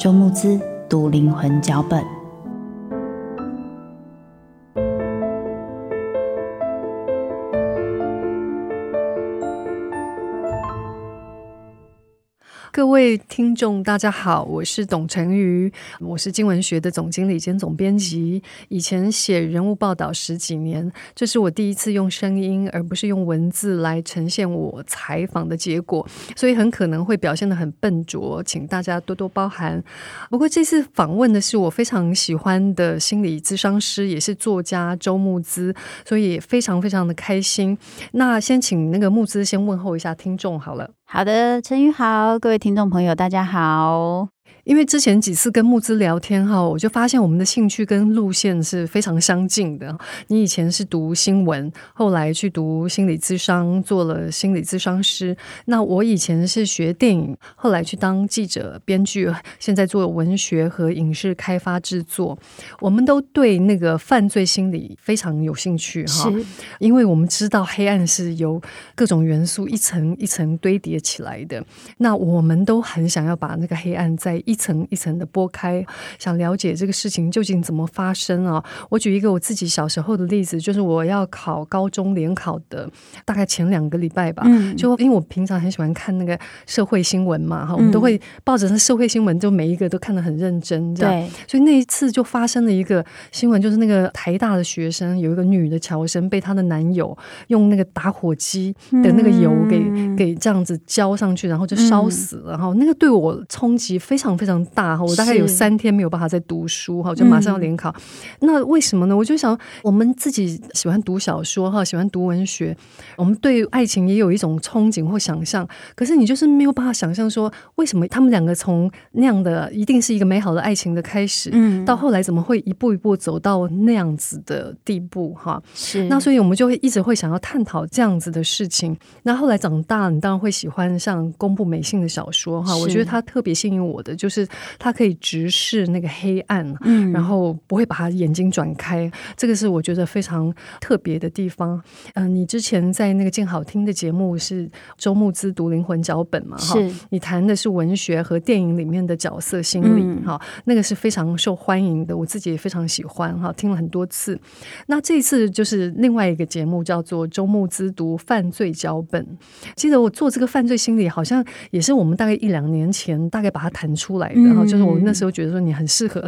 周慕姿讀靈魂腳本。各位聽眾，大家好，我是董成瑜，我是經文學的總經理兼總編輯，以前寫人物報道十幾年，這是我第一次用聲音而不是用文字來呈現我採訪的結果，所以很可能會表現得很笨拙，請大家多多包涵。不過這次訪問的是我非常喜歡的心理諮商師，也是作家周慕姿，所以非常非常的開心。那先請那個慕姿先問候一下聽眾好了。好的，成瑜好，各位聽眾朋友，大家好。因為之前幾次跟慕姿聊天哈，我就發現我們的興趣跟路線是非常相近的。你以前是讀新聞，後來去讀心理諮商，做了心理諮商師。那我以前是學電影，後來去當記者、編劇，現在做文學和影視開發製作。我們都對那個犯罪心理非常有興趣哈，因為我們知道黑暗是由各種元素一層一層堆疊起來的。那我們都很想要把那個黑暗在一。層一層的剝開，想了解這個事情究竟怎麼發生啊？我舉一個我自己小時候的例子，就是我要考高中聯考的，大概前兩個禮拜吧、嗯，就因為我平常很喜歡看那個社會新聞嘛，哈、嗯，我們都會抱着那社會新聞，就每一個都看得很認真，對這樣。所以那一次就發生了一個新聞，就是那個台大的學生有一個女的僑生，被她的男友用那個打火機的那個油給、嗯、給這樣子澆上去，然後就燒死了。嗯、然後那個對我衝擊非常。非常大哈，我大概有三天沒有辦法再讀書哈，我就馬上要聯考、嗯。那為什麼呢？我就想，我們自己喜歡讀小說哈，喜歡讀文學，我們對愛情也有一種憧憬或想象。可是你就是沒有辦法想象說，為什麼他們兩個從那樣的一定是一個美好的愛情的開始，嗯、到後來怎麼會一步一步走到那樣子的地步哈？是。那所以我們就會一直會想要探討這樣子的事情。那後來長大，你當然會喜歡像宮部美幸的小說哈。我覺得他特別吸引我的就。就是，他可以直視那個黑暗，嗯，然後不會把他眼睛轉開，這個是我覺得非常特別的地方。嗯、呃，你之前在那個《鏡好聽》的節目是周慕姿讀靈魂腳本嘛？哈，你談的是文學和電影裡面的角色心理，哈、嗯，那個是非常受歡迎的，我自己也非常喜歡，哈，聽了很多次。那這一次就是另外一個節目，叫做周慕姿讀犯罪腳本。記得我做這個犯罪心理，好像也是我們大概一兩年前，大概把它談出來，然後就是我那時候覺得說，你很適合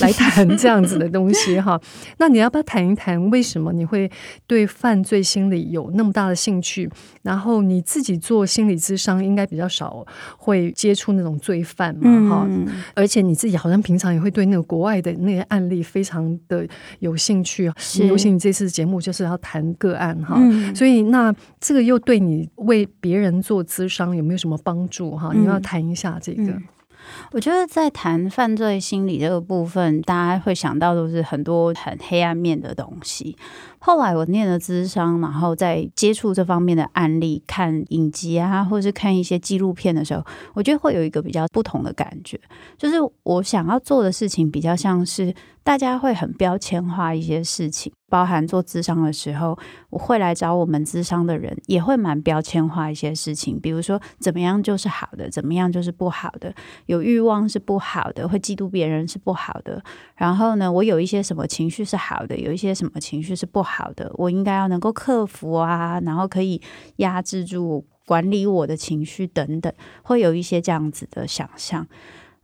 來談這樣子的東西哈。 那你要不要談一談為什麼你會對犯罪心理有那麼大的興趣？然後你自己做心理諮商應該比較少會接觸那種罪犯嘛哈。 而且你自己好像平常也會對那個國外的那些案例非常的有興趣。尤其你這次節目就是要談個案哈， 所以那這個又對你為別人做諮商有沒有什麼幫助哈？ 你要談一下這個。 我覺得在談犯罪心理這個部分，大家會想到都是很多很黑暗面的東西。後來我念了諮商，然後在接觸這方面的案例、看影集啊，或者是看一些紀錄片的時候，我覺得會有一個比較不同的感覺，就是我想要做的事情比較像是。大家會很標籤化一些事情，包含做諮商的時候，我會來找我們諮商的人，也會蠻標籤化一些事情，比如說怎麼樣就是好的，怎麼樣就是不好的，有慾望是不好的，會嫉妒別人是不好的。然後呢，我有一些什麼情緒是好的，有一些什麼情緒是不好的，我應該要能夠克服啊，然後可以壓制住、管理我的情緒等等，會有一些這樣子的想象。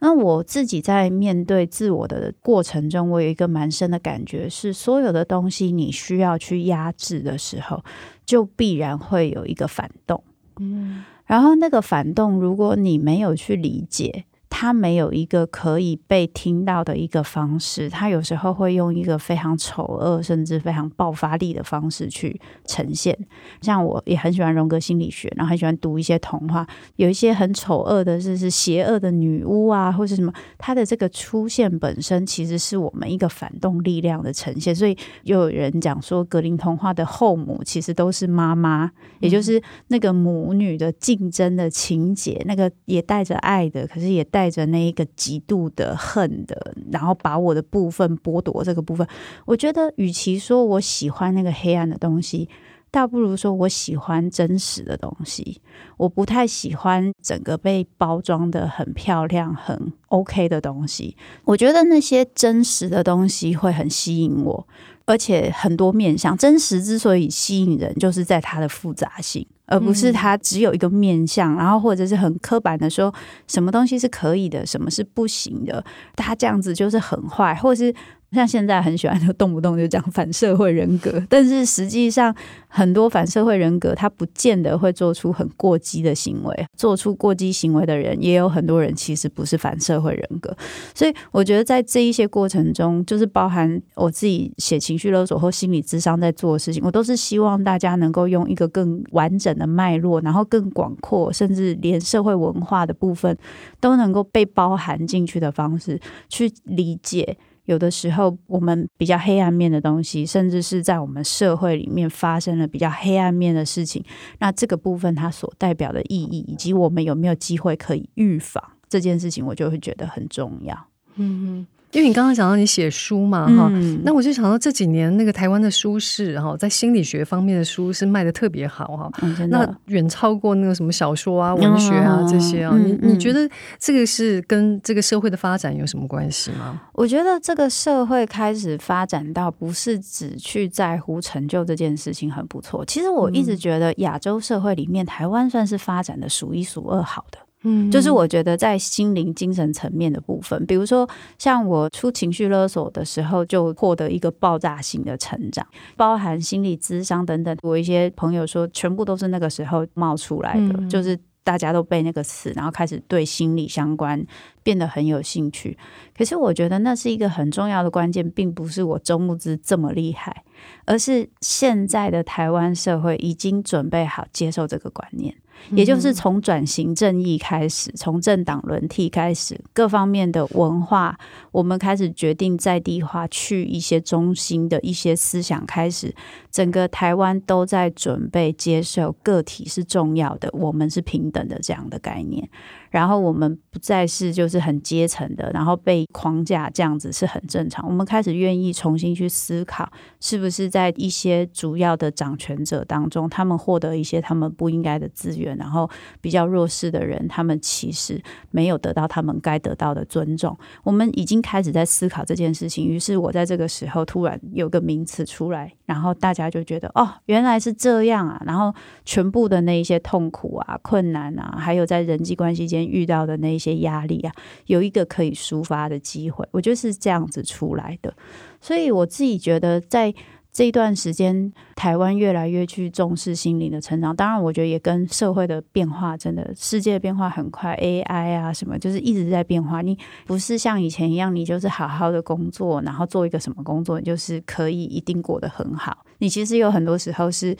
那我自己在面對自我的過程中，我有一個蠻深的感覺是，是所有的東西你需要去壓制的時候，就必然會有一個反動。嗯，然後那個反動，如果你沒有去理解。他沒有一個可以被聽到的一個方式，他有時候會用一個非常醜惡甚至非常爆發力的方式去呈現。像我也很喜歡榮格心理學，然後很喜歡讀一些童話，有一些很醜惡的，就是邪惡的女巫啊，或是什麼。她的這個出現本身，其實是我們一個反動力量的呈現。所以又有人講說，格林童話的後母其實都是媽媽，也就是那個母女的競爭的情節，嗯、那個也帶着愛的，可是也帶。帶着那一個極度的恨的，然後把我的部分剝奪這個部分。我覺得，與其說我喜歡那個黑暗的東西，倒不如說我喜歡真實的東西。我不太喜歡整個被包裝的很漂亮、很 OK 的東西。我覺得那些真實的東西會很吸引我，而且很多面向，真實之所以吸引人，就是在它的複雜性。而不是他只有一個面向，嗯、然後或者是很刻板的說什麼東西是可以的，什麼是不行的，他這樣子就是很壞，或者是。像現在很喜歡就動不動就講反社會人格，但是實際上很多反社會人格他不見得會做出很過激的行為，做出過激行為的人也有很多人其實不是反社會人格，所以我覺得在這一些過程中，就是包含我自己寫情緒勒索或心理諮商在做的事情，我都是希望大家能夠用一個更完整的脈絡，然後更廣闊，甚至連社會文化的部分都能夠被包含進去的方式去理解。有的時候，我們比較黑暗面的東西，甚至是在我們社會裡面發生了比較黑暗面的事情，那這個部分它所代表的意義，以及我們有沒有機會可以預防這件事情，我就會覺得很重要。嗯嗯。因為你剛剛講到你寫書嘛哈、嗯，那我就想到這幾年那個台灣的書市哈，在心理學方面的書是賣得特別好哈、嗯，那遠超過那個什麼小說啊、文學啊、哦、這些啊。嗯、你你覺得這個是跟這個社會的發展有什麼關係嗎？我覺得這個社會開始發展到不是只去在乎成就這件事情很不錯。其實我一直覺得亞洲社會裡面，台灣算是發展的數一數二好的。嗯，就是我覺得在心靈、精神層面的部分，比如說像我出情緒勒索的時候，就獲得一個爆炸性的成長，包含心理諮商等等。我一些朋友說，全部都是那個時候冒出來的，就是大家都被那個詞，然後開始對心理相關變得很有興趣。可是我覺得那是一個很重要的關鍵，並不是我周慕姿這麼厲害，而是現在的台灣社會已經準備好接受這個觀念。也就是從轉型正義開始，從政黨輪替開始，各方面的文化，我們開始決定在地化，去一些中心的一些思想，開始整個台灣都在準備接受個體是重要的，我們是平等的這樣的概念。然後我們不再是就是很階層的，然後被框架這樣子是很正常。我們開始願意重新去思考，是不是在一些主要的掌權者當中，他們獲得一些他們不應該的資源，然後比較弱勢的人，他們其實沒有得到他們該得到的尊重。我們已經開始在思考這件事情。於是我在這個時候突然有個名詞出來，然後大家就覺得哦，原來是這樣啊！然後全部的那一些痛苦啊、困難啊，還有在人際關係間。遇到的那些壓力啊，有一個可以抒發的機會，我就是這樣子出來的。所以我自己覺得，在這段時間，台灣越來越去重視心靈的成長。當然，我覺得也跟社會的變化，真的世界變化很快，AI 啊什麼，就是一直在變化。你不是像以前一樣，你就是好好的工作，然後做一個什麼工作，你就是可以一定過得很好。你其實有很多時候是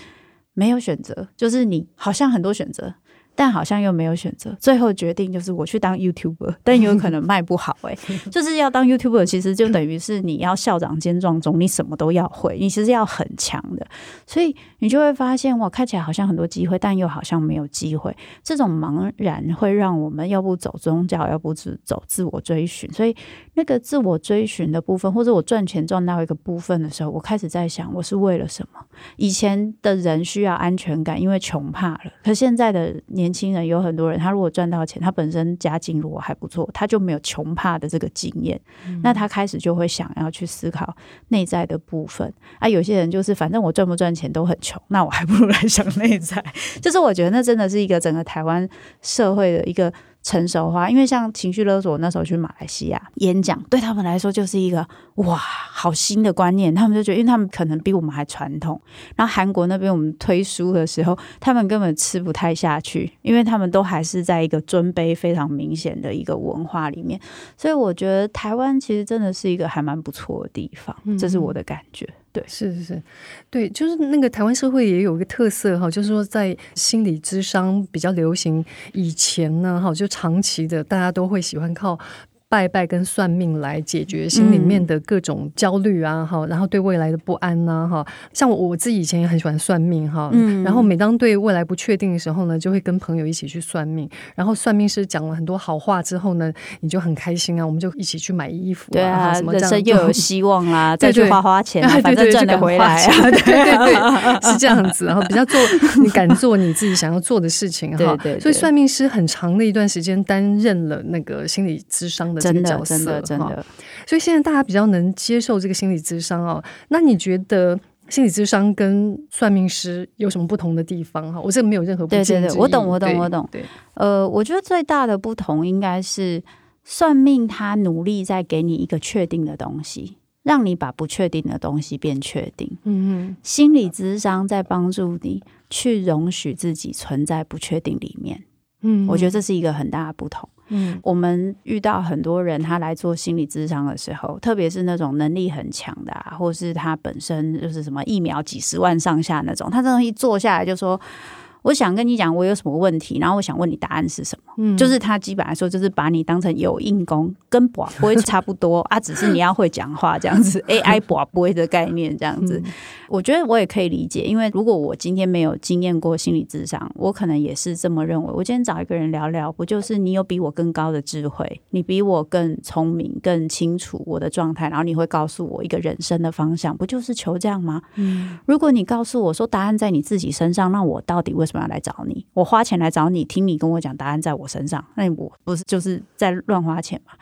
沒有選擇，就是你好像很多選擇。但好像又沒有選擇，最後決定就是我去當 YouTuber，但有可能賣不好哎、欸。 就是要當 YouTuber，其實就等於是你要校長兼撞鐘，你什麼都要會，你其實要很強的。所以你就會發現，哇，看起來好像很多機會，但又好像沒有機會。這種茫然會讓我們要不走宗教，要不自走自我追尋。所以那個自我追尋的部分，或者我賺錢賺到一個部分的時候，我開始在想，我是為了什麼？以前的人需要安全感，因為窮怕了，可現在的年。年輕人有很多人，他如果賺到錢，他本身家境如果還不錯，他就沒有窮怕的這個經驗，嗯，那他開始就會想要去思考內在的部分。啊，有些人就是反正我賺不賺錢都很窮，那我還不如來想內在。 就是我覺得那真的是一個整個台灣社會的一個。成熟化，因為像情緒勒索，那時候去馬來西亞演講，對他們來說就是一個哇，好新的觀念。他們就覺得，因為他們可能比我們還傳統。然後韓國那邊，我們推書的時候，他們根本吃不太下去，因為他們都還是在一個尊卑非常明顯的一個文化裡面。所以我覺得台灣其實真的是一個還蠻不錯的地方，嗯，這是我的感覺。對，是是是，對，就是那個台灣社會也有一個特色哈，就是說在心理諮商比較流行以前呢，哈，就長期的大家都會喜歡靠拜拜跟算命來解決心裡面的各種焦慮啊，哈、嗯，然後對未來的不安吶，哈，像我我自己以前也很喜歡算命哈、嗯，然後每當對未來不確定的時候呢，就會跟朋友一起去算命，然後算命師講了很多好話之後呢，你就很開心啊，我們就一起去買衣服啊，啊，什麼，這樣，人生又有希望啦、啊， 再去花花錢、啊對對，反正賺得、啊、回來， 對對對，是這樣子，然後比較做， 你敢做你自己想要做的事情哈，對，對，所以算命師很長的一段時間擔任了那個心理諮商。真的，這個，真的，真的，真的，所以現在大家比較能接受這個心理諮商哦。那你覺得心理諮商跟算命師有什麼不同的地方？哈，我這個沒有任何不同。對對對，我懂我懂我懂。對，呃，我覺得最大的不同應該是算命，他努力在給你一個確定的東西，讓你把不確定的東西變確定。嗯哼，心理諮商在幫助你去容許自己存在不確定裡面。嗯，我覺得這是一個很大的不同。嗯， 我們遇到很多人，他來做心理諮商的時候，特別是那種能力很強的、啊，或是他本身就是什麼一秒幾十萬上下那種，他這種一坐下來就說。我想跟你講，我有什麼問題，然後我想問你答案是什麼？嗯，就是他基本來說，就是把你當成有應公跟跋杯差不多啊， 只是你要會講話這樣子。AI 跋杯、欸、的概念這樣子，嗯、我覺得我也可以理解，因為如果我今天沒有經驗過心理諮商，我可能也是這麼認為。我今天找一個人聊聊，不就是你有比我更高的智慧，你比我更聰明、更清楚我的狀態，然後你會告訴我一個人生的方向，不就是求這樣嗎？嗯，如果你告訴我說答案在你自己身上，那我到底為什麼？要來找你，我花錢來找你，聽你跟我講答案在我身上，那我不是就是在亂花錢嗎？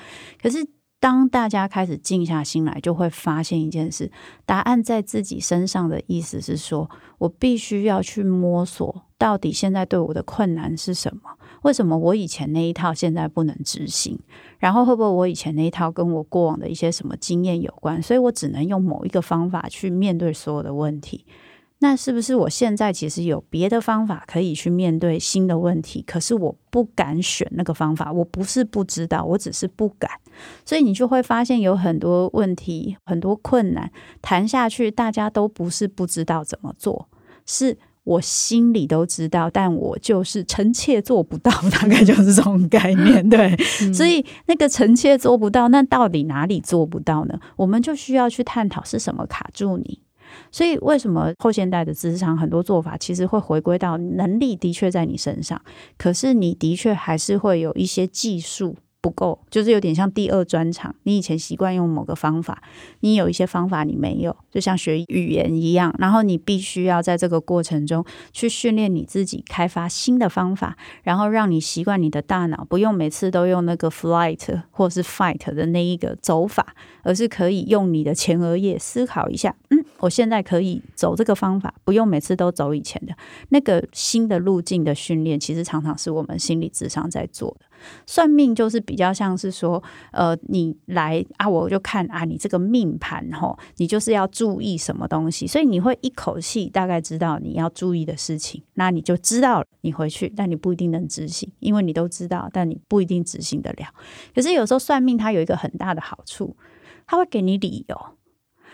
可是當大家開始靜下心來，就會發現一件事：答案在自己身上的意思是說，我必須要去摸索，到底現在對我的困難是什麼？為什麼我以前那一套現在不能執行？然後會不會我以前那一套跟我過往的一些什麼經驗有關？所以我只能用某一個方法去面對所有的問題。那是不是我現在其實有別的方法可以去面對新的問題？可是我不敢選那個方法，我不是不知道，我只是不敢。所以你就會發現有很多問題、很多困難，談下去大家都不是不知道怎麼做，是我心裡都知道，但我就是臣妾做不到，大概就是這種概念。對，嗯。所以那個臣妾做不到，那到底哪裡做不到呢？我們就需要去探討是什麼卡住你。所以，為什麼後現代的職場很多做法，其實會回歸到能力的確在你身上，可是你的確還是會有一些技術。不夠，就是有點像第二專長。你以前習慣用某個方法，你有一些方法你沒有，就像學語言一樣。然後你必須要在這個過程中去訓練你自己，開發新的方法，然後讓你習慣你的大腦，不用每次都用那個 flight 或是 fight 的那一個走法，而是可以用你的前額葉思考一下，嗯，我現在可以走這個方法，不用每次都走以前的那個新的路徑的訓練，其實常常是我們心理智商在做的。算命就是比較像是說，呃，你來啊，我就看啊，你這個命盤吼，你就是要注意什麼東西，所以你會一口氣大概知道你要注意的事情，那你就知道你回去，但你不一定能執行，因為你都知道，但你不一定執行得了。可是有時候算命它有一個很大的好處，它會給你理由，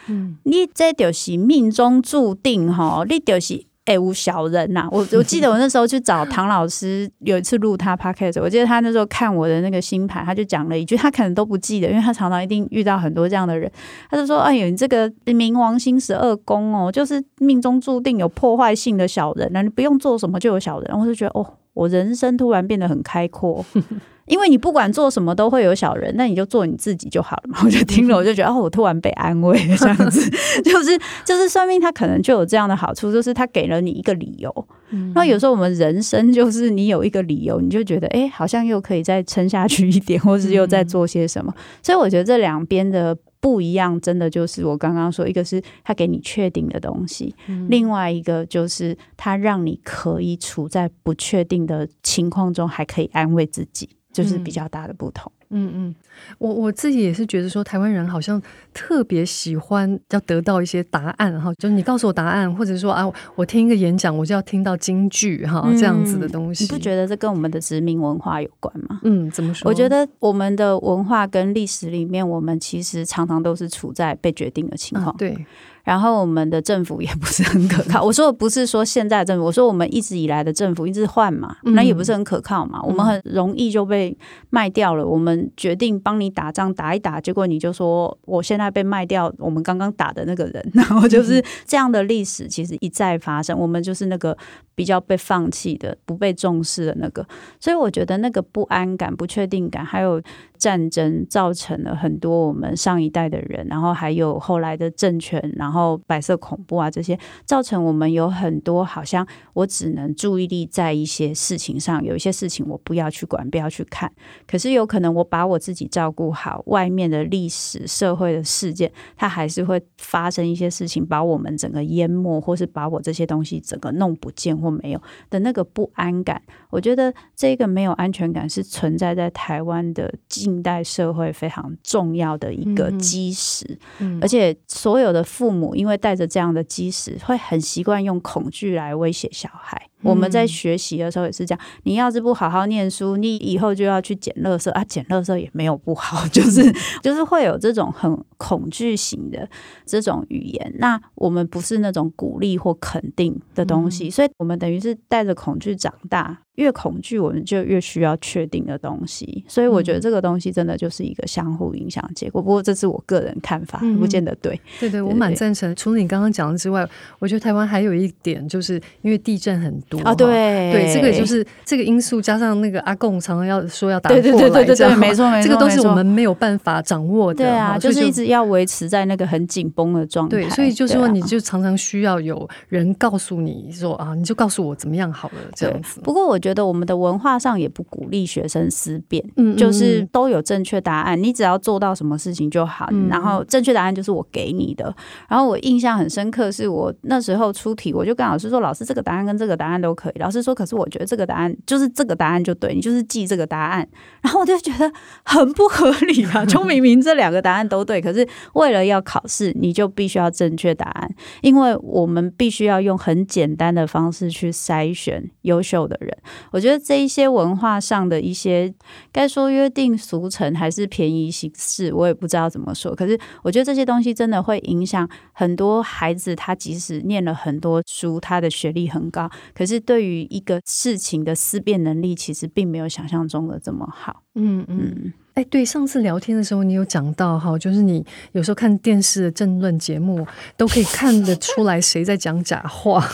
嗯，你這就是命中注定吼，你就是。哎、欸，無小人吶、啊！我我記得我那時候去找唐老師，有一次錄他 podcast 我記得他那時候看我的那個星盤，他就講了一句，他可能都不記得，因為他常常一定遇到很多這樣的人，他就說：“哎呦，你這個冥王星十二宮哦，就是命中注定有破壞性的小人，那你不用做什麼就有小人。”然後我就覺得，哦，我人生突然變得很開闊。 因為你不管做什麼都會有小人，那你就做你自己就好了嘛。我就聽了，我就覺得 哦，我突然被安慰，這樣子 就是就是算命，他可能就有這樣的好處，就是他給了你一個理由。嗯、那有時候我們人生就是你有一個理由，你就覺得誒，好像又可以再撐下去一點，或是又在做些什麼、嗯。所以我覺得這兩邊的不一樣，真的就是我剛剛說，一個是他給你確定的東西，嗯、另外一個就是他讓你可以處在不確定的情況中，還可以安慰自己。就是比較大的不同，嗯嗯，嗯，我我自己也是覺得說，台灣人好像特別喜歡要得到一些答案哈，就你告訴我答案，或者說啊，我聽一個演講，我就要聽到金句。哈，這樣子的東西、嗯，你不覺得這跟我們的殖民文化有關嗎？嗯，怎麼說？我覺得我們的文化跟歷史裡面，我們其實常常都是處在被決定的情況、啊，對。然後我們的政府也不是很可靠。我說的不是說現在的政府，我說我們一直以來的政府一直換嘛，那也不是很可靠嘛。我們很容易就被賣掉了。我們決定幫你打仗打一打，結果你就說我現在被賣掉。我們剛剛打的那個人，然後就是這樣的歷史，其實一再發生。我們就是那個比較被放棄的、不被重視的那個。所以我覺得那個不安感、不確定感，還有戰爭，造成了很多我們上一代的人，然後還有後來的政權，然然後白色恐怖啊，這些造成我們有很多好像我只能注意力在一些事情上，有一些事情我不要去管，不要去看。可是有可能我把我自己照顧好，外面的歷史、社會的事件，它還是會發生一些事情，把我們整個淹沒，或是把我這些東西整個弄不見或沒有的那個不安感。我覺得這個沒有安全感是存在在台灣的近代社會非常重要的一個基石，嗯嗯、而且所有的父母。因為帶着這樣的基石，會很習慣用恐懼來威脅小孩。我們在學習的時候也是這樣。你要是不好好念書，你以後就要去撿垃圾啊！撿垃圾也沒有不好，就是就是會有這種很恐懼型的這種語言。那我們不是那種鼓勵或肯定的東西，嗯、所以我們等於是帶着恐懼長大。越恐懼，我們就越需要確定的東西。所以我覺得這個東西真的就是一個相互影響的結果。不過這是我個人看法，不見得對。嗯、對對，我蠻贊成。對對。除了你剛剛講的之外，我覺得台灣還有一點，就是因為地震很。啊、哦，對對，這個也就是這個因素，加上那個阿共常常要說要打過來。對，對對對，沒錯沒錯，這個都是我們沒有辦法掌握的對啊就，就是一直要維持在那個很緊繃的狀態。對，所以就是說你就常常需要有人告訴你說啊，你就告訴我怎麼樣好了。這樣子對。不過我覺得我們的文化上也不鼓勵學生思辨，嗯、嗯，就是都有正確答案，你只要做到什麼事情就好，嗯嗯，然後正確答案就是我給你的。然後我印象很深刻，是我那時候出題，我就跟老師說：“嗯、老師，這個答案跟這個答案。”都可以。老師說，可是我覺得這個答案就是這個答案就對，你就是記這個答案。然後我就覺得很不合理吧。就明明這兩個答案都對， 可是為了要考試，你就必須要正確答案，因為我們必須要用很簡單的方式去篩選優秀的人。我覺得這一些文化上的一些該說約定俗成還是便宜行事，我也不知道怎麼說。可是我覺得這些東西真的會影響很多孩子，他即使念了很多書，他的學歷很高，可是，其實對於一個事情的思辨能力，其實並沒有想象中的這麼好。嗯嗯，哎，對，上次聊天的時候，你有講到哈，就是你有時候看電視的政論節目，都可以看得出來誰在講假話。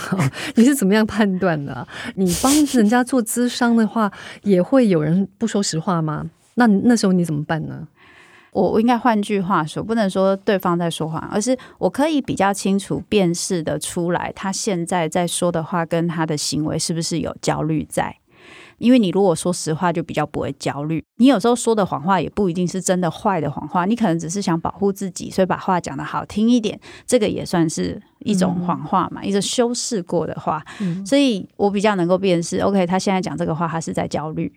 你是怎麼樣判斷的啊？你幫人家做諮商的話，也會有人不說實話嗎？那那時候你怎麼辦呢？我應該換句話說，不能說對方在說謊，而是我可以比較清楚辨識的出來，他現在在說的話跟他的行為是不是有焦慮在？因為你如果說實話，就比較不會焦慮。你有時候說的謊話也不一定是真的壞的謊話，你可能只是想保護自己，所以把話講得好聽一點，這個也算是一種謊話嘛，嗯、一直修飾過的話、嗯。所以我比較能夠辨識，OK，他現在講這個話，他是在焦慮，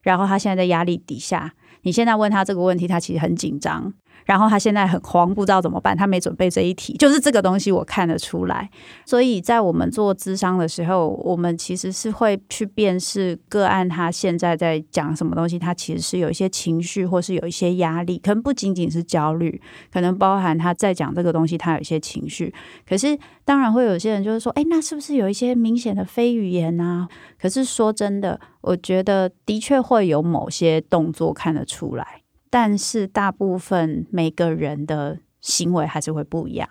然後他現在在壓力底下。你現在問他這個問題，他其實很緊張，然後他現在很慌，不知道怎麼辦，他沒準備這一題，就是這個東西我看得出來。所以在我們做諮商的時候，我們其實是會去辨識個案他現在在講什麼東西，他其實是有一些情緒，或是有一些壓力，可能不僅僅是焦慮，可能包含他在講這個東西他有一些情緒。可是當然會有些人就是說，哎、欸，那是不是有一些明顯的非語言啊？可是說真的，我覺得的確會有某些動作看得出來出來，但是大部分每個人的行為還是會不一樣。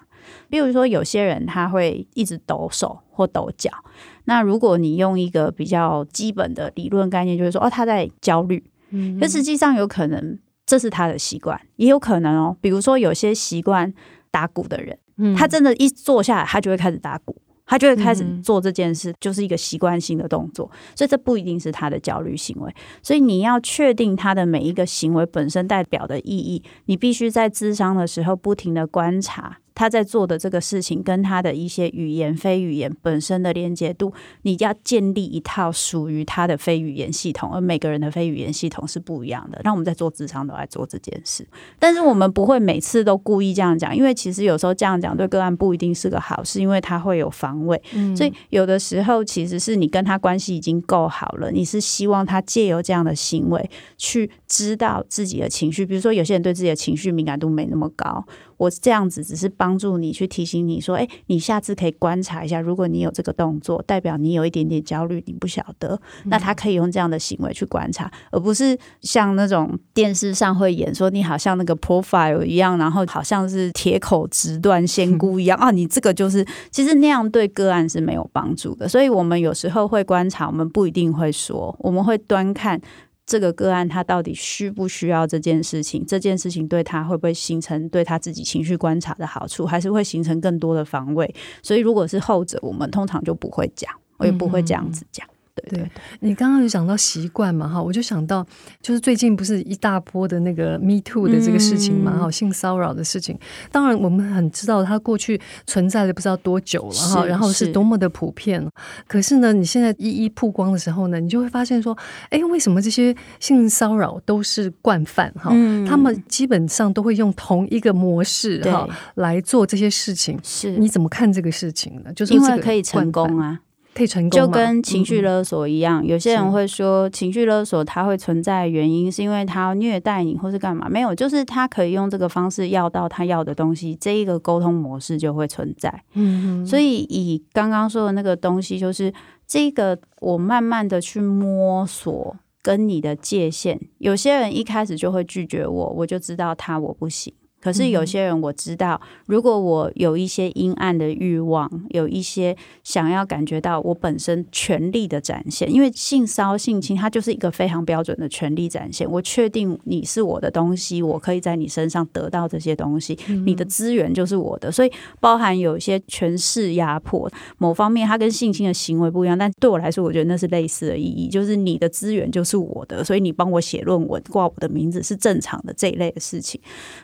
比如說，有些人他會一直抖手或抖腳。那如果你用一個比較基本的理論概念，就是說，哦，他在焦慮。嗯，嗯，但實際上有可能這是他的習慣，也有可能哦。比如說，有些習慣打鼓的人，嗯，他真的一坐下來，他就會開始打鼓。他就會開始做這件事，嗯、就是一個習慣性的動作，所以這不一定是他的焦慮行為。所以你要確定他的每一個行為本身代表的意義，你必須在諮商的時候不停的觀察。他在做的這個事情，跟他的一些語言非語言本身的連接度，你要建立一套屬於他的非語言系統，而每個人的非語言系統是不一樣的。那我們在做諮商，都在做這件事，但是我們不會每次都故意這樣講，因為其實有時候這樣講對個案不一定是個好事，因為他會有防衛。嗯。所以有的時候其實是你跟他關係已經夠好了，你是希望他借由這樣的行為去知道自己的情緒，比如說有些人對自己的情緒敏感度沒那麼高。我這樣子，只是幫助你去提醒你說，誒、欸，你下次可以觀察一下，如果你有這個動作，代表你有一點點焦慮，你不曉得，那他可以用這樣的行為去觀察，嗯、而不是像那種電視上會演說，你好像那個 profile 一樣，然後好像是鐵口直斷仙姑一樣、嗯、啊，你這個就是其實那樣對個案是沒有幫助的，所以我們有時候會觀察，我們不一定會說，我們會端看。這個個案他到底需不需要這件事情？這件事情對他會不會形成對他自己情緒觀察的好處？還是會形成更多的防衛？所以如果是後者，我們通常就不會講，我也不會這樣子講。嗯對，你剛剛有講到習慣嘛哈，我就想到就是最近不是一大波的那個 Me Too 的這個事情嘛哈、嗯，性騷擾的事情。當然我們很知道它過去存在了不知道多久了哈，然後是多麼的普遍。可是呢，你現在一一曝光的時候呢，你就會發現說，誒，為什麼這些性騷擾都是慣犯哈、嗯？他們基本上都會用同一個模式哈來做這些事情。是，你怎麼看這個事情呢？就是因為可以成功啊。可以成功，就跟情緒勒索一樣。嗯嗯，有些人會說情緒勒索，他會存在的原因，是因為他虐待你或是幹嘛？沒有，就是他可以用這個方式要到他要的東西，這一個溝通模式就會存在。嗯，所以以剛剛說的那個東西，就是這個，我慢慢的去摸索跟你的界限。有些人一開始就會拒絕我，我就知道他我不行。可是有些人我知道，如果我有一些陰暗的慾望，有一些想要感覺到我本身權力的展現，因為性騷性侵，它就是一個非常標準的權力展現。我確定你是我的東西，我可以在你身上得到這些東西，你的資源就是我的，所以包含有一些權勢壓迫。某方面，它跟性侵的行為不一樣，但對我來說，我覺得那是類似的意義，就是你的資源就是我的，所以你幫我寫論文、掛我的名字是正常的這一類的事情。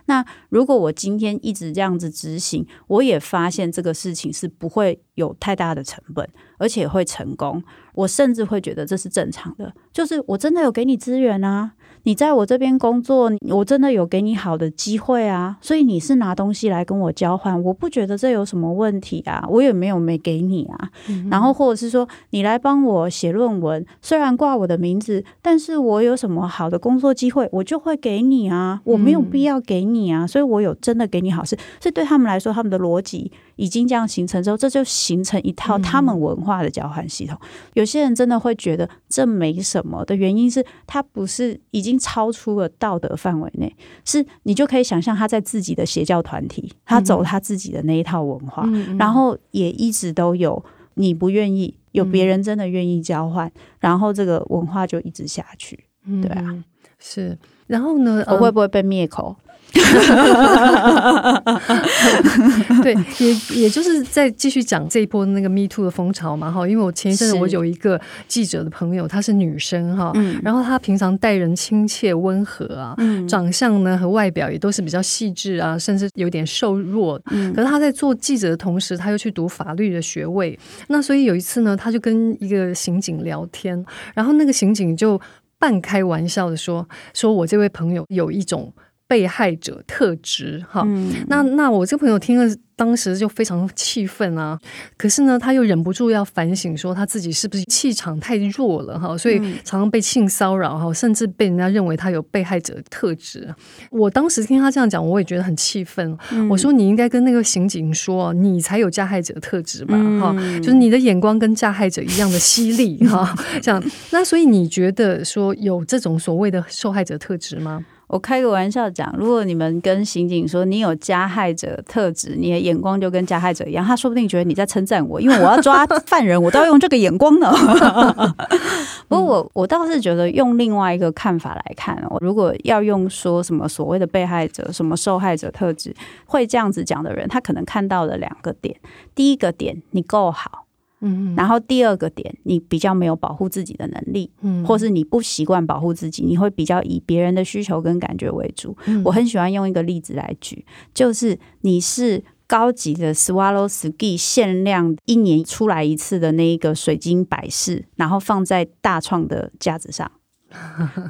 那如果我今天一直這樣子執行，我也發現這個事情是不會有太大的成本，而且會成功。我甚至會覺得這是正常的，就是我真的有給你資源啊。你在我這邊工作，我真的有給你好的機會啊，所以你是拿東西來跟我交換，我不覺得這有什麼問題啊，我也沒有沒給你啊。嗯、然後或者是說你來幫我寫論文，雖然掛我的名字，但是我有什麼好的工作機會，我就會給你啊，我沒有必要給你啊，嗯、所以我有真的給你好事，這對他們來說，他們的邏輯。已經這樣形成之後，這就形成一套他們文化的交換系統。嗯、有些人真的會覺得這沒什麼的原因是，他不是已經超出了道德範圍內，是你就可以想象他在自己的邪教團體，他走他自己的那一套文化，嗯、然後也一直都有。你不願意，有別人真的願意交換，嗯、然後這個文化就一直下去，嗯、對啊，是。然後呢？嗯、我會不會被滅口？哈哈哈哈哈！對，也也就是在繼續講這一波那個 “me too” 的風潮嘛，哈，因為我前一陣子我有一個記者的朋友，是她是女生，哈、嗯，然後她平常待人親切溫和啊，嗯、長相呢和外表也都是比較細緻啊，甚至有點瘦弱、嗯，可是她在做記者的同時，她又去讀法律的學位，那所以有一次呢，她就跟一個刑警聊天，然後那個刑警就半開玩笑的說：“說我這位朋友有一種。”被害者特質，哈、嗯，那那我這個朋友聽了，當時就非常氣憤啊。可是呢，他又忍不住要反省，說他自己是不是氣場太弱了，哈，所以常常被性騷擾，哈，甚至被人家認為他有被害者特質。我當時聽他這樣講，我也覺得很氣憤、嗯。我說你應該跟那個刑警說，你才有加害者特質吧，哈、嗯，就是你的眼光跟加害者一樣的犀利，哈。這 樣，那所以你覺得說有這種所謂的受害者特質嗎？我開個玩笑講，如果你們跟刑警說你有加害者特質，你的眼光就跟加害者一樣，他說不定覺得你在稱讚我，因為我要抓犯人，我都要用這個眼光呢。 不過我我倒是覺得用另外一個看法來看，我如果要用說什麼所謂的被害者、什麼受害者特質，會這樣子講的人，他可能看到的兩個點，第一個點，你夠好。嗯，然後第二個點，你比較沒有保護自己的能力，嗯，或是你不習慣保護自己，你會比較以別人的需求跟感覺為主。嗯，我很喜歡用一個例子來舉，就是你是高級的 Swarovski 限量一年出來一次的那一個水晶擺飾，然後放在大創的架子上，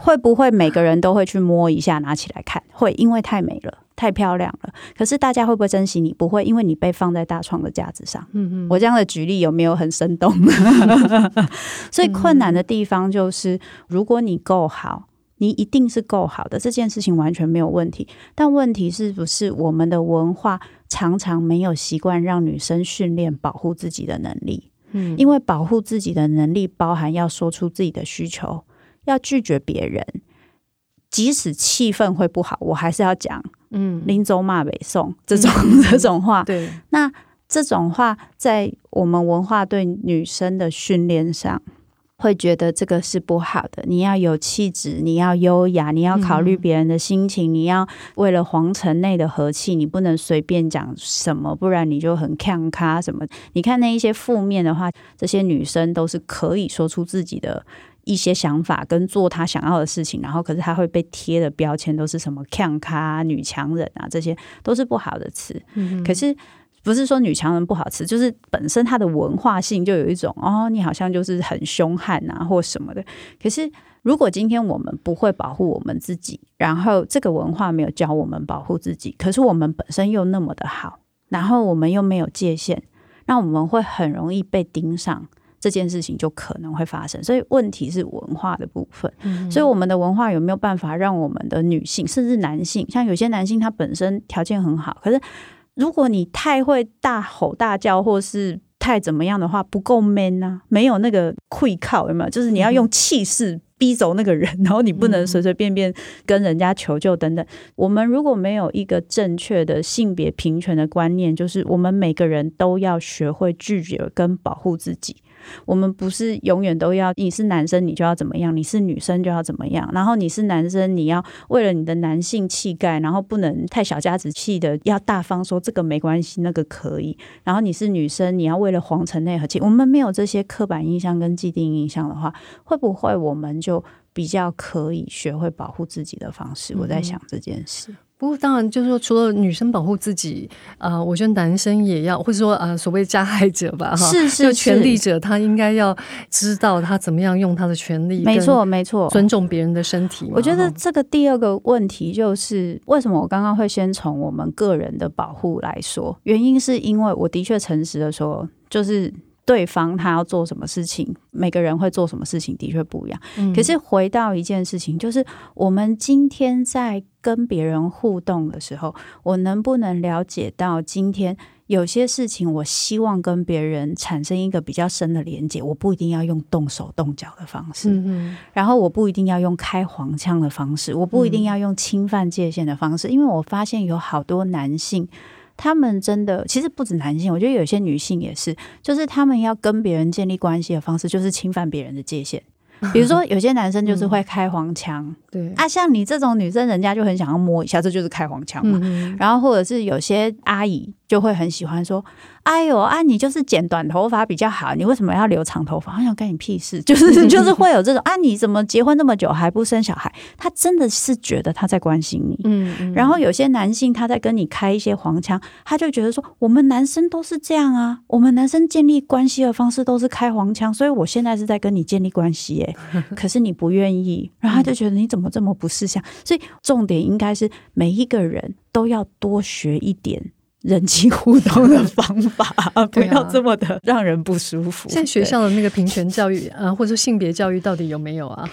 會不會每個人都會去摸一下、拿起來看？會，因為太美了。太漂亮了，可是大家會不會珍惜你？不會，因為你被放在大創的架子上。嗯嗯，我這樣的舉例有沒有很生動？ 所以困難的地方就是，如果你夠好，你一定是夠好的，這件事情完全沒有問題。但問題是不是我們的文化常常沒有習慣讓女生訓練保護自己的能力？嗯，因為保護自己的能力包含要說出自己的需求，要拒絕別人。即使氣氛會不好，我還是要講，嗯，臨終罵北宋這種、嗯、這種話。嗯、對，那這種話在我們文化對女生的訓練上，會覺得這個是不好的。你要有氣質，你要優雅，你要考慮別人的心情，嗯、你要為了皇城內的和氣，你不能隨便講什麼，不然你就很看咖，什麼、你看那一些負面的話，這些女生都是可以說出自己的一些想法跟做他想要的事情，然後可是他會被貼的標籤都是什麼嗆咖、女強人啊，這些都是不好的詞、嗯。可是不是說女強人不好詞，就是本身它的文化性就有一種哦，你好像就是很兇悍啊，或什麼的。可是如果今天我們不會保護我們自己，然後這個文化沒有教我們保護自己，可是我們本身又那麼的好，然後我們又沒有界限，那我們會很容易被盯上。這件事情就可能會發生，所以問題是文化的部分。嗯。所以我們的文化有沒有辦法讓我們的女性，甚至男性，像有些男性他本身條件很好，可是如果你太會大吼大叫，或是太怎麼樣的話，不夠 man 啊，沒有那個愧靠，有沒有？就是你要用氣勢逼走那個人，嗯。然後你不能隨隨便便跟人家求救等等。嗯。我們如果沒有一個正確的性別平權的觀念，就是我們每個人都要學會拒絕跟保護自己。我們不是永遠都要，你是男生你就要怎麼樣，你是女生就要怎麼樣。然後你是男生，你要為了你的男性氣概，然後不能太小家子氣的，要大方說這個沒關係，那個可以。然後你是女生，你要為了皇城內和氣。我們沒有這些刻板印象跟既定印象的話，會不會我們就比較可以學會保護自己的方式？嗯。我在想這件事。不過，當然，就是說，除了女生保護自己，啊、呃，我覺得男生也要，或者說，啊、呃，所謂加害者吧，哈，是是是，就權力者他應該要知道他怎麼樣用他的權力的，沒錯，沒錯，尊重別人的身體。我覺得這個第二個問題就是為什麼我剛剛會先從我們個人的保護來說，原因是因為我的確誠實的說，就是。對方他要做什麼事情，每個人會做什麼事情的確不一樣。嗯。可是回到一件事情，就是我們今天在跟別人互動的時候，我能不能了解到今天有些事情，我希望跟別人產生一個比較深的連接？我不一定要用動手動腳的方式，嗯嗯。然後我不一定要用開黃腔的方式，我不一定要用侵犯界限的方式，嗯。因為我發現有好多男性。他們真的，其實不止男性，我覺得有些女性也是，就是他們要跟別人建立關係的方式，就是侵犯別人的界限。比如說，有些男生就是會開黃腔。嗯，對啊，像你這種女生，人家就很想要摸一下，這就是開黃腔嘛。嗯嗯。然後，或者是有些阿姨。就會很喜歡說：“哎呦啊，你就是剪短頭髮比較好，你為什麼要留長頭髮？好想干你屁事。”就是就是會有這種啊，你怎麼結婚這麼久還不生小孩？他真的是覺得他在關心你。嗯，嗯。然後有些男性他在跟你開一些黃腔，他就覺得說：“我們男生都是這樣啊，我們男生建立關係的方式都是開黃腔，所以我現在是在跟你建立關係耶，可是你不願意，然後他就覺得你怎麼這麼不識相？所以重點應該是每一個人都要多學一點。”人際互動的方法、 啊、不要這麼的讓人不舒服。在學校的那個平權教育嗯，或者說性別教育到底有沒有啊？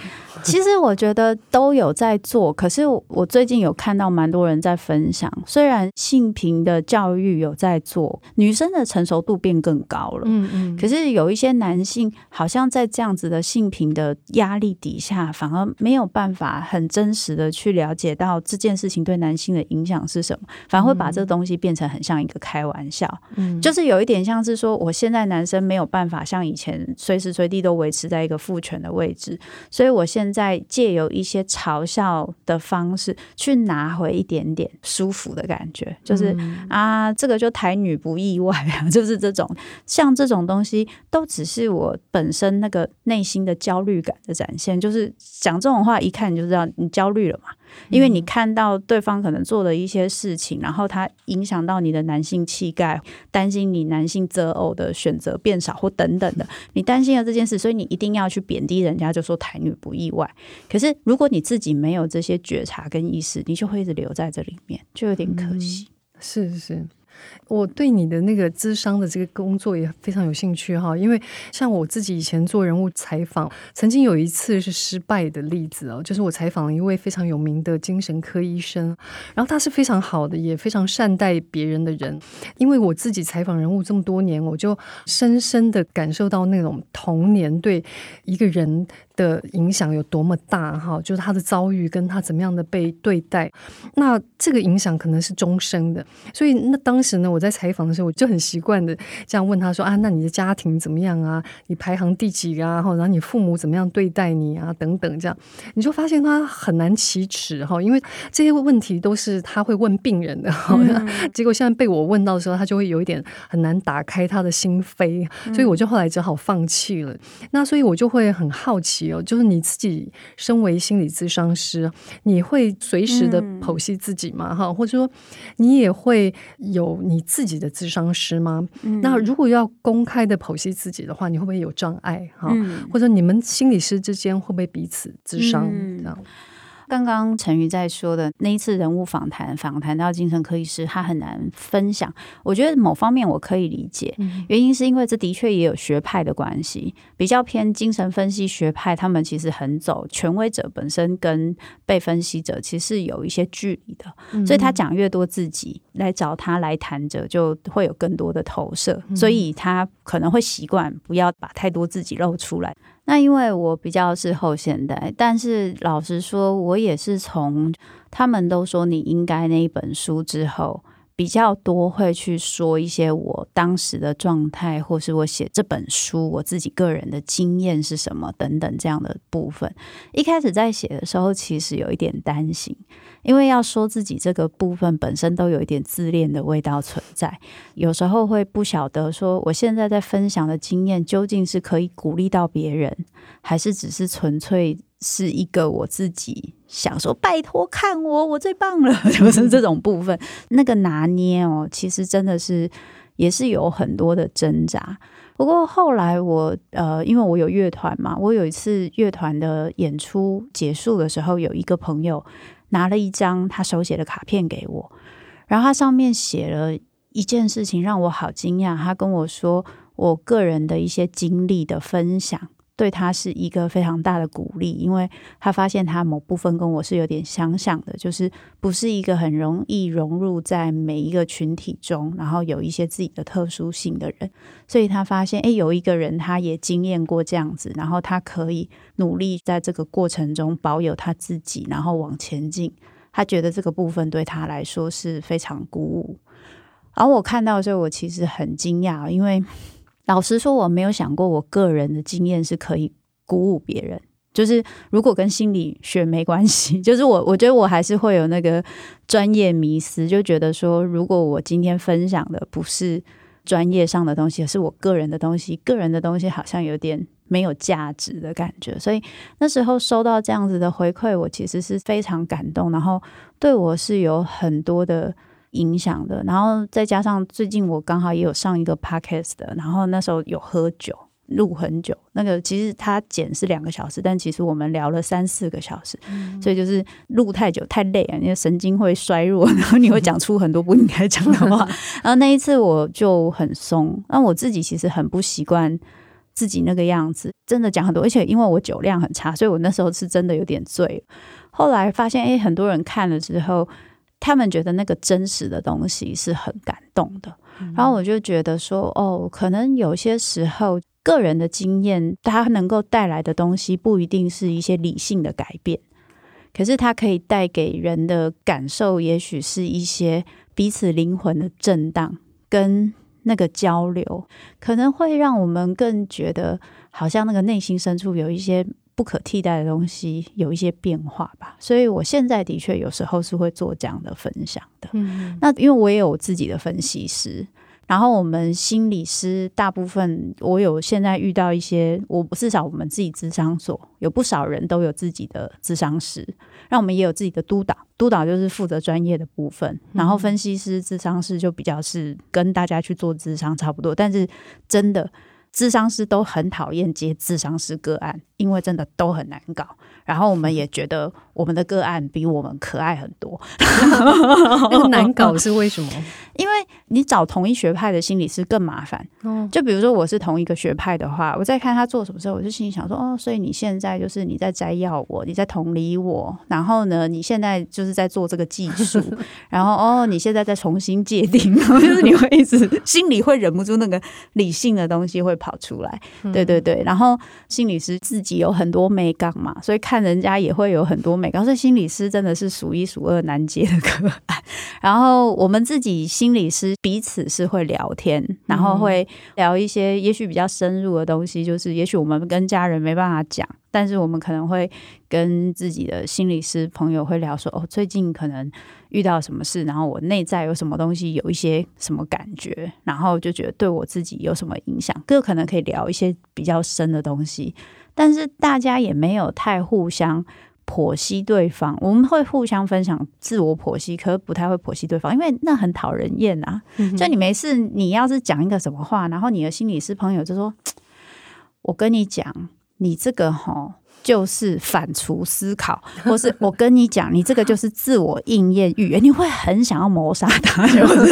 其實我覺得都有在做。可是我最近有看到蠻多人在分享，雖然性平的教育有在做，女生的成熟度變更高了，嗯嗯。可是有一些男性好像在這樣子的性平的壓力底下，反而沒有辦法很真實的去了解到這件事情對男性的影響是什麼，反而會把這個東西變成很，嗯像一個開玩笑，嗯，就是有一點像是說，我現在男生沒有辦法像以前隨時隨地都維持在一個父權的位置，所以我現在借由一些嘲笑的方式去拿回一點點舒服的感覺，就是、嗯、啊，這個就台女不意外，就是這種像這種東西都只是我本身那個內心的焦慮感的展現，就是講這種話一看你就知道你焦慮了嘛。因為你看到對方可能做了一些事情，然後他影響到你的男性氣概，擔心你男性擇偶的選擇變少或等等的，你擔心了這件事，所以你一定要去貶低人家，就說台女不意外。可是如果你自己沒有這些覺察跟意識，你就會一直留在這裡面，就有點可惜。嗯，是是是。我對你的那個諮商的這個工作也非常有興趣哈，因為像我自己以前做人物採訪，曾經有一次是失敗的例子哦，就是我採訪了一位非常有名的精神科醫生，然後他是非常好的，也非常善待別人的人，因為我自己採訪人物這麼多年，我就深深的感受到那種童年對一個人。的影響有多麼大哈？就是他的遭遇跟他怎麼樣的被對待，那這個影響可能是終身的。所以那當時呢，我在採訪的時候，我就很習慣的這樣問他說啊，那你的家庭怎麼樣啊？你排行第幾啊？然後你父母怎麼樣對待你啊？等等這樣，你就發現他很難啟齒哈，因為這些問題都是他會問病人的。嗯、 結果現在被我問到的時候，他就會有一點很難打開他的心扉，所以我就後來只好放棄了。嗯、那所以我就會很好奇，有，就是你自己身為心理諮商師，你會隨時的剖析自己嗎？哈、嗯，或者說，你也會有你自己的諮商師嗎？嗯。那如果要公開的剖析自己的話，你會不會有障礙？哈、嗯，或者你們心理師之間會不會彼此諮商這樣？嗯嗯剛剛成瑜在說的那一次人物訪談，訪談到精神科醫師，他很難分享。我覺得某方面我可以理解，原因是因為這的確也有學派的關係，比較偏精神分析學派，他們其實很走權威者本身跟被分析者其實是有一些距離的，嗯、所以他講越多，自己來找他來談者就會有更多的投射，所以他。可能會習慣不要把太多自己露出來。那因為我比較是後現代，但是老實說，我也是從他們都說你應該那一本書之後。比較多會去說一些我當時的狀態，或是我寫這本書我自己個人的經驗是什麼等等這樣的部分。一開始在寫的時候，其實有一點擔心，因為要說自己這個部分本身都有一點自戀的味道存在，有時候會不曉得說我現在在分享的經驗究竟是可以鼓勵到別人，還是只是純粹。是一個我自己想說，拜託看我，我最棒了，就是這種部分。 那個拿捏哦，其實真的是也是有很多的掙扎。不過後來我呃，因為我有樂團嘛，我有一次樂團的演出結束的時候，有一個朋友拿了一張他手寫的卡片給我，然後他上面寫了一件事情讓我好驚訝。他跟我說我個人的一些經歷的分享，對他是一個非常大的鼓勵，因為他發現他某部分跟我是有點相像的，就是不是一個很容易融入在每一個群體中，然後有一些自己的特殊性的人。所以他發現，誒，有一個人他也經驗過這樣子，然後他可以努力在這個過程中保有他自己，然後往前進。他覺得這個部分對他來說是非常鼓舞。而我看到，這，我其實很驚訝，因為。老實說，我沒有想過，我個人的經驗是可以鼓舞別人。就是如果跟心理學沒關係，就是我我覺得我還是會有那個專業迷思，就覺得說，如果我今天分享的不是專業上的東西，而是我個人的東西，個人的東西好像有點沒有價值的感覺。所以那時候收到這樣子的回饋，我其實是非常感動，然後對我是有很多的。影響的，然後再加上最近我剛好也有上一個 podcast 的，然後那時候有喝酒，錄很久。那個其實它剪是兩個小時，但其實我們聊了三四個小時，嗯、所以就是錄太久太累啊，因為神經會衰弱，然後你會講出很多不應該講的話。 然後那一次我就很鬆，那我自己其實很不習慣自己那個樣子，真的講很多，而且因為我酒量很差，所以我那時候是真的有點醉。後來發現，誒，很多人看了之後。他們覺得那個真實的東西是很感動的，嗯嗯。然後我就覺得說，哦，可能有些時候個人的經驗，它能夠帶來的東西不一定是一些理性的改變，可是它可以帶給人的感受，也許是一些彼此靈魂的震盪跟那個交流，可能會讓我們更覺得好像那個內心深處有一些。不可替代的東西有一些變化吧，所以我現在的確有時候是會做這樣的分享的。那因為我也有自己的分析師，然後我們心理師大部分我有現在遇到一些，我至少我們自己諮商所有不少人都有自己的諮商師，讓我們也有自己的督導，督導就是負責專業的部分，然後分析師、諮商師就比較是跟大家去做諮商差不多，但是真的。智商師都很討厭接智商師個案，因為真的都很難搞。然後我們也覺得我們的個案比我們可愛很多，又 難搞是為什麼？ 因為你找同一學派的心理師更麻煩。就比如說我是同一個學派的話，我在看他做什麼時候，我就心裡想說：哦，所以你現在就是你在摘要我，你在同理我，然後呢，你現在就是在做這個技術，然後哦，你現在在重新界定， 就是你會一直心裡會忍不住那個理性的東西會。跑出來，對對對，然後心理師自己有很多美感嘛，所以看人家也會有很多美感，所以心理師真的是數一數二難解的個案。 然後我們自己心理師彼此是會聊天，然後會聊一些也許比較深入的東西，就是也許我們跟家人沒辦法講。但是我們可能會跟自己的心理師朋友會聊說，哦，最近可能遇到什麼事，然後我內在有什麼東西，有一些什麼感覺，然後就覺得對我自己有什麼影響。這可能可以聊一些比較深的東西，但是大家也沒有太互相剖析對方。我們會互相分享自我剖析，可是不太會剖析對方，因為那很討人厭啊。嗯。就你沒事，你要是講一個什麼話，然後你的心理師朋友就說：“我跟你講。”你這個好。就是反芻思考，或是我跟你講，你這個就是自我應驗預言， 你會很想要謀殺他，就 是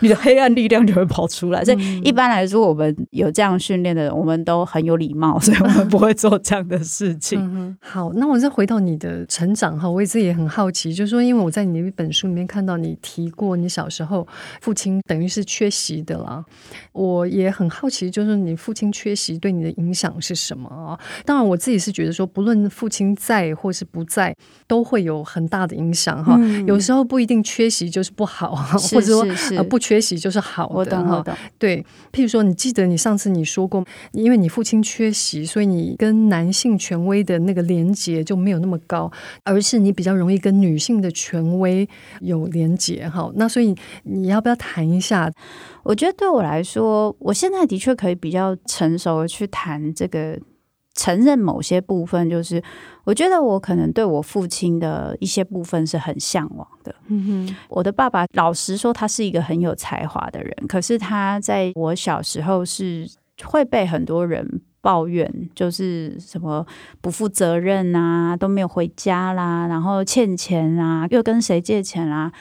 你的黑暗力量就會跑出來。 所以一般來說，我們有這樣訓練的人，我們都很有禮貌，所以我們不會做這樣的事情。嗯、好，那我再回到你的成長哈，我一直也很好奇，就是說，因為我在你的一本書裡面看到你提過，你小時候父親等於是缺席的啦，我也很好奇，就是你父親缺席對你的影響是什麼啊？當然，我自己是覺。比如說，不論父親在或是不在，都會有很大的影響哈、嗯。有時候不一定缺席就是不好，是是是或者說、呃、不缺席就是好的哈。對，譬如說，你記得你上次你說過，因為你父親缺席，所以你跟男性權威的那個連結就沒有那麼高，而是你比較容易跟女性的權威有連結哈。那所以你要不要談一下？我覺得對我來說，我現在的確可以比較成熟地去談這個。承認某些部分，就是我覺得我可能對我父親的一些部分是很向往的。嗯哼。我的爸爸老實說，他是一個很有才華的人，可是他在我小時候是會被很多人抱怨，就是什麼不負責任啊，都沒有回家啦，然後欠錢啊，又跟誰借錢啊。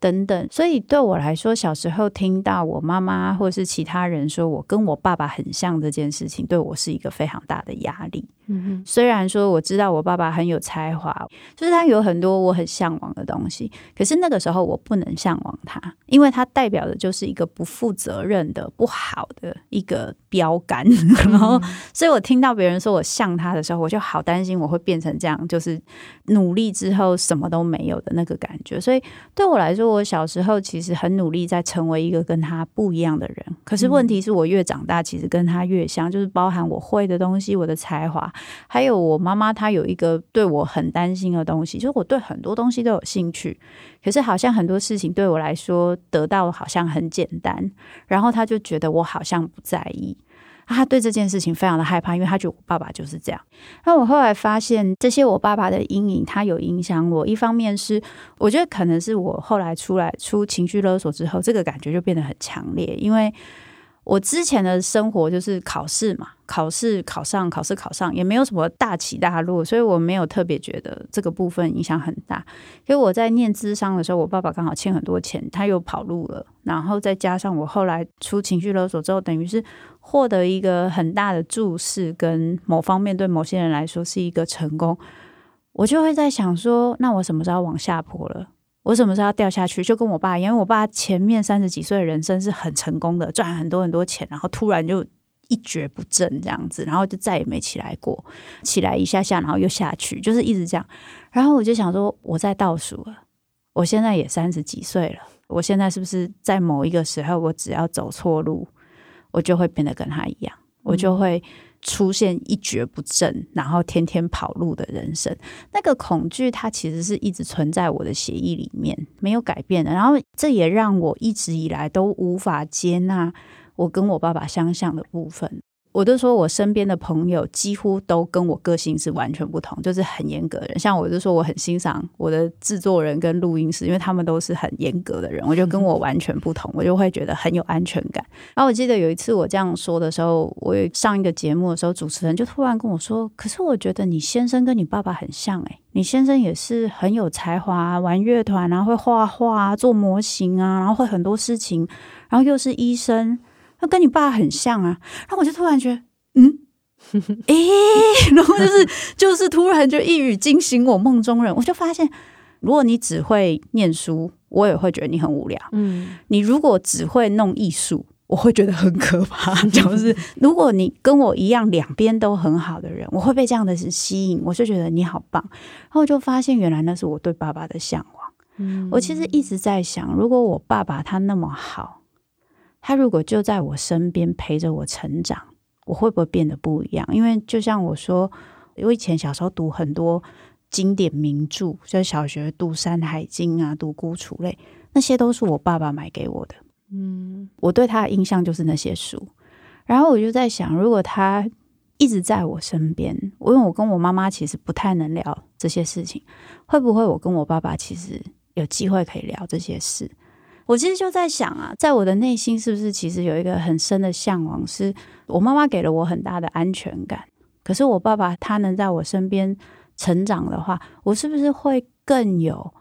等等，所以對我來說，小時候聽到我媽媽或是其他人說我跟我爸爸很像這件事情，對我是一個非常大的壓力。嗯哼，雖然說我知道我爸爸很有才華，就是他有很多我很向往的東西，可是那個時候我不能向往他。因為他代表的就是一個不負責任的、不好的一個標杆， 然後，所以我聽到別人說我像他的時候，我就好擔心我會變成這樣，就是努力之後什麼都沒有的那個感覺。所以對我來說，我小時候其實很努力在成為一個跟他不一樣的人。可是問題是我越長大，其實跟他越像，就是包含我會的東西、我的才華，還有我媽媽她有一個對我很擔心的東西，就是我對很多東西都有興趣，可是好像很多事情對我來說。得到好像很簡單，然後他就覺得我好像不在意。他對這件事情非常的害怕，因為他覺得我爸爸就是這樣。那我後來發現，這些我爸爸的陰影，他有影響我。一方面是我覺得可能是我後來出來出情緒勒索之後，這個感覺就變得很強烈，因為。我之前的生活就是考試嘛，考試考上，考試考上，也沒有什麼大起大落，所以我沒有特別覺得這個部分影響很大。因為我在念諮商的時候，我爸爸剛好欠很多錢，他又跑路了，然後再加上我後來出情緒勒索之後，等於是獲得一個很大的注視，跟某方面對某些人來說是一個成功，我就會在想說，那我什麼時候往下坡了？我什麼時候要掉下去？就跟我爸，因為我爸前面三十幾歲的人生是很成功的，賺很多很多錢，然後突然就一蹶不振這樣子，然後就再也沒起來過，起來一下下，然後又下去，就是一直這樣。然後我就想說，我在倒數了，我現在也三十幾歲了，我現在是不是在某一個時候，我只要走錯路，我就會變得跟他一樣，我就會。出現一蹶不振，然後天天跑路的人生，那個恐懼它其實是一直存在我的協議裡面，沒有改變的。然後這也讓我一直以來都無法接納我跟我爸爸相像的部分。我都說，我身邊的朋友幾乎都跟我個性是完全不同，就是很嚴格的人。像我就說，我很欣賞我的制作人跟錄音師，因為他們都是很嚴格的人。我就跟我完全不同，我就會覺得很有安全感。 然後我記得有一次我這樣說的時候，我上一個節目的時候，主持人就突然跟我說：“可是我覺得你先生跟你爸爸很像，欸，誒，你先生也是很有才華，啊，玩樂團啊，然後會畫畫，啊，做模型啊，然後會很多事情，然後又是醫生。”他跟你爸很像啊，然後我就突然覺得，嗯，誒，然後就是就是突然就一語驚醒我夢中人，我就發現，如果你只會念書，我也會覺得你很無聊。嗯，你如果只會弄藝術，我會覺得很可怕，就是如果你跟我一樣兩邊都很好的人，我會被這樣的人吸引，我就覺得你好棒。然後我就發現原來那是我對爸爸的向往。嗯，我其實一直在想，如果我爸爸他那麼好。他如果就在我身邊陪着我成長，我會不會變得不一樣？因為就像我說，我以前小時候讀很多經典名著，就小學讀《山海經》啊，讀《孤雛淚》，那些都是我爸爸買給我的。嗯，我對他的印象就是那些書。然後我就在想，如果他一直在我身邊，因為我跟我媽媽其實不太能聊這些事情，會不會我跟我爸爸其實有機會可以聊這些事？我其實就在想啊，在我的內心是不是其實有一個很深的嚮往，是我媽媽給了我很大的安全感，可是我爸爸他能在我身邊成長的話，我是不是會更有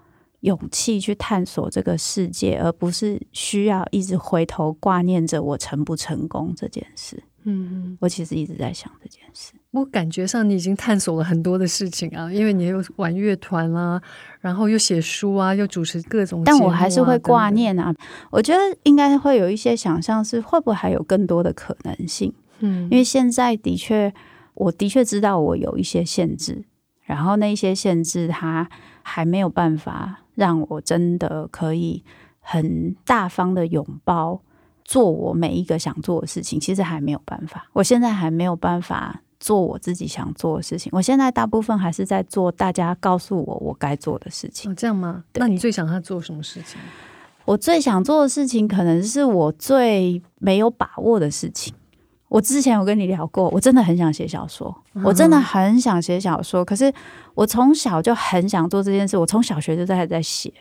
勇氣去探索這個世界，而不是需要一直回頭掛念着我成不成功這件事？嗯，我其實一直在想這件事。我感覺上你已經探索了很多的事情啊，因為你又玩樂團啦、啊，然後又寫書啊，又主持各種、啊。但我還是會掛念啊，對對。我覺得應該會有一些想象，是會不會還有更多的可能性？嗯，因為現在的確，我的確知道我有一些限制，然後那些限制，它還沒有辦法讓我真的可以很大方的擁抱。做我每一個想做的事情，其實還沒有辦法。我現在還沒有辦法做我自己想做的事情。我現在大部分還是在做大家告訴我我該做的事情。哦，這樣嗎？那你最想要做什麼事情？我最想做的事情，可能是我最沒有把握的事情。我之前有跟你聊過，我真的很想寫小說，嗯，我真的很想寫小說。可是我從小就很想做這件事，我從小學就在在寫，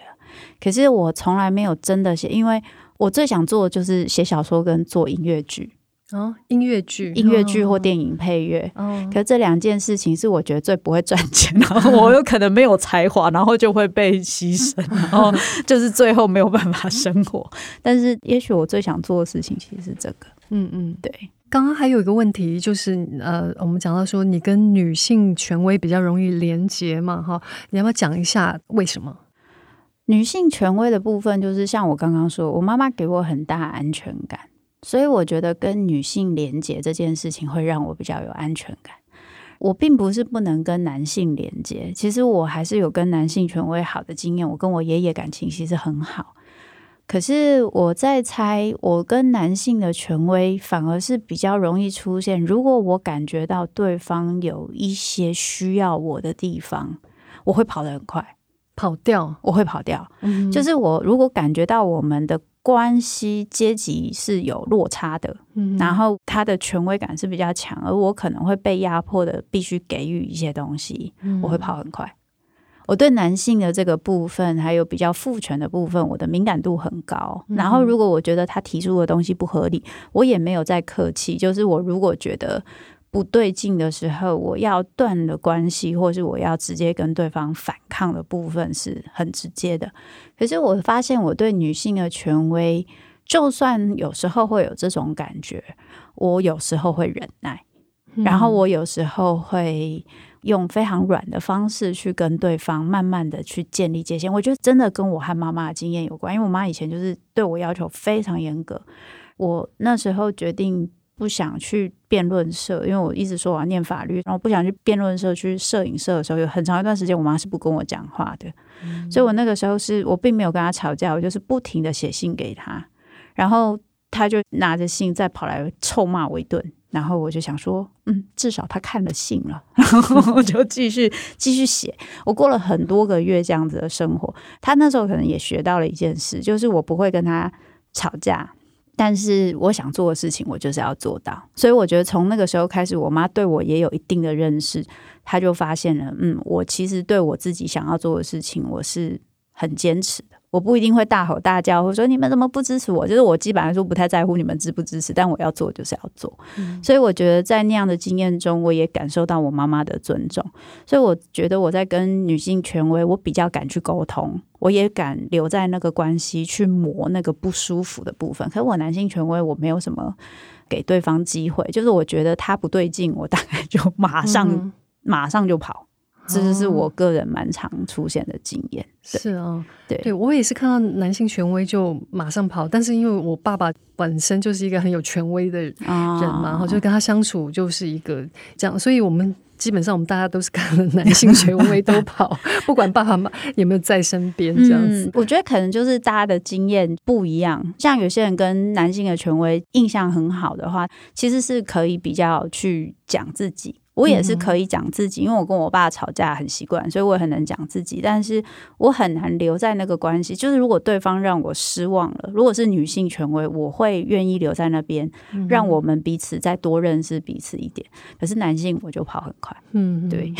可是我從來沒有真的寫，因為。我最想做的就是寫小說跟做音樂劇哦，音樂劇、音樂劇或電影配樂。可是這兩件事情是我覺得最不會賺錢的。我有可能沒有才華，然後就會被犧牲，然後就是最後沒有辦法生活。但是，也許我最想做的事情其實是這個。嗯嗯，對。剛剛還有一個問題就是，呃，我們講到說你跟女性權威比較容易連結嘛，哈，你要不要講一下為什麼？女性權威的部分，就是像我剛剛說，我媽媽給我很大安全感，所以我覺得跟女性連接這件事情會讓我比較有安全感。我並不是不能跟男性連接，其實我還是有跟男性權威好的經驗。我跟我爺爺感情其實很好，可是我在猜，我跟男性的權威反而是比較容易出現。如果我感覺到對方有一些需要我的地方，我會跑得很快。跑掉，我會跑掉，嗯。就是我如果感覺到我們的關係階級是有落差的，嗯，然後他的權威感是比較強，而我可能會被壓迫的，必須給予一些東西，嗯。我會跑很快。我對男性的這個部分，還有比較父權的部分，我的敏感度很高。嗯，然後，如果我覺得他提出的東西不合理，我也沒有再客氣。就是我如果覺得。不對勁的時候，我要斷的關係，或是我要直接跟對方反抗的部分是很直接的。可是我發現，我對女性的權威，就算有時候會有這種感覺，我有時候會忍耐，嗯，然後我有時候會用非常軟的方式去跟對方慢慢的去建立界限。我覺得真的跟我和媽媽的經驗有關，因為我媽以前就是對我要求非常嚴格。我那時候決定。不想去辯論社，因為我一直說我、啊、要念法律，然後不想去辯論社、去攝影社的時候，有很長一段時間，我媽是不跟我講話的。嗯、所以我那個時候是我並沒有跟她吵架，我就是不停地寫信給她，然後她就拿着信再跑來臭罵我一頓，然後我就想說，嗯，至少她看了信了，然後我就繼續繼續寫。我過了很多個月這樣子的生活，她那時候可能也學到了一件事，就是我不會跟她吵架。但是我想做的事情，我就是要做到。所以我覺得從那個時候開始，我媽對我也有一定的認識，她就發現了，嗯，我其實對我自己想要做的事情，我是很堅持的。我不一定會大吼大叫，或者說你們怎麼不支持我？就是我基本上說不太在乎你們支不支持，但我要做就是要做。嗯。所以我覺得在那樣的經驗中，我也感受到我媽媽的尊重。所以我覺得我在跟女性權威，我比較敢去溝通，我也敢留在那個關係去磨那個不舒服的部分。可是我男性權威，我沒有什麼給對方機會，就是我覺得他不對勁，我大概就馬上、嗯、馬上就跑。這就是我個人蠻常出現的經驗。哦、是啊、哦，對，對我也是看到男性權威就馬上跑，但是因為我爸爸本身就是一個很有權威的人嘛，然、哦、後就跟他相處就是一個這樣，所以我們基本上我們大家都是看到男性權威都跑， 不管爸爸媽媽有沒有在身邊這樣子、嗯。我覺得可能就是大家的經驗不一樣，像有些人跟男性的權威印象很好的話，其實是可以比較去講自己。我也是可以講自己，因為我跟我爸吵架很習慣，所以我也很能講自己。但是我很難留在那個關係，就是如果對方讓我失望了，如果是女性權威，我會願意留在那邊，讓我們彼此再多認識彼此一點。可是男性，我就跑很快。嗯，對。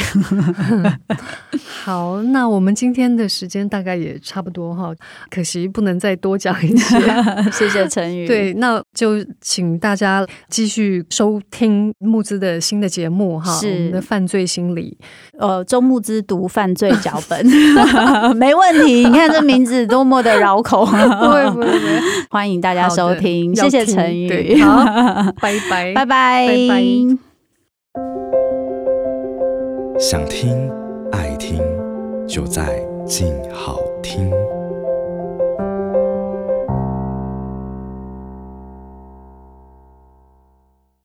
好，那我們今天的時間大概也差不多哈，可惜不能再多講一些。 謝謝成瑜。對，那就請大家繼續收聽慕姿的新的節目哈。是的，嗯、犯罪心理，呃，周慕姿讀犯罪腳本， 沒問題。你看這名字多麼的繞口， 歡迎大家收聽，的謝謝晨宇， 好 拜拜，拜拜，拜拜，想聽愛聽就在鏡好聽。